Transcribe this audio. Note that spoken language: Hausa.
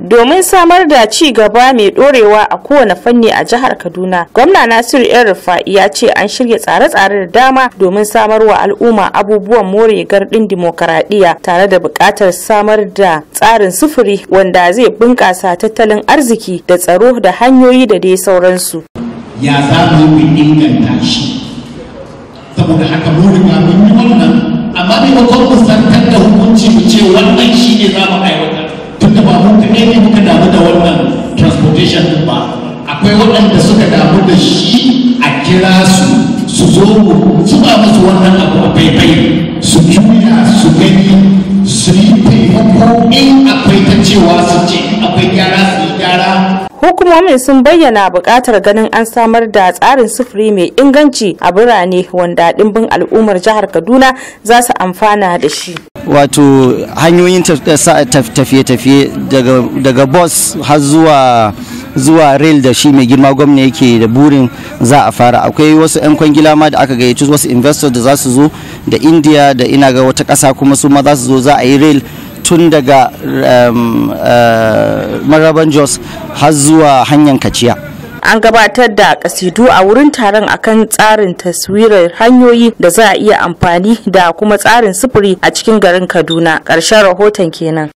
Domin samar da ci gaba mai dorewa a kowane fanni a jihar Kaduna, gwamna Nasiru ‘yan rufa'i ya ce an shirya tsare-tsare da dama domin samar wa al'umma abubuwan more gardin dimokuraɗiyya tare da buƙatar samar da tsarin sufuri wanda zai bunƙasa tattalin arziki da tsaro da hanyoyi da dai sauransu. Ya saboda haka mu mun yi wannan, amma da hukunci mu ce wannan shi za mu da ba mun kaɗai ne muka damu da wannan transportation din ba akwai waɗanda suka damu da shi a kira su su zo mu su zuba musu wannan abu a faifai su juya su gani su yi taimako in akwai ta cewa su ce akwai gyara su yi gyara hukumomin sun bayyana buƙatar ganin an samar da tsarin sufuri mai inganci a birane wanda ɗimbin al'ummar jihar kaduna za su amfana da shi wato hanyoyin tafiye-tafiye daga bus har zuwa zuwa rail da shi mai girma gwamna yake da burin za a fara akwai wasu 'yan kwangila ma da aka gayyaci wasu investors da za su zo da india da ina ga wata kasa kuma su ma za su zo za a yi rail tun daga um, uh, maraban jos har zuwa hanyar kaciya an gabatar da kasidu a wurin taron akan tsarin taswirar hanyoyi da za a iya amfani da kuma tsarin sufuri a cikin garin kaduna ƙarshen rahoton kenan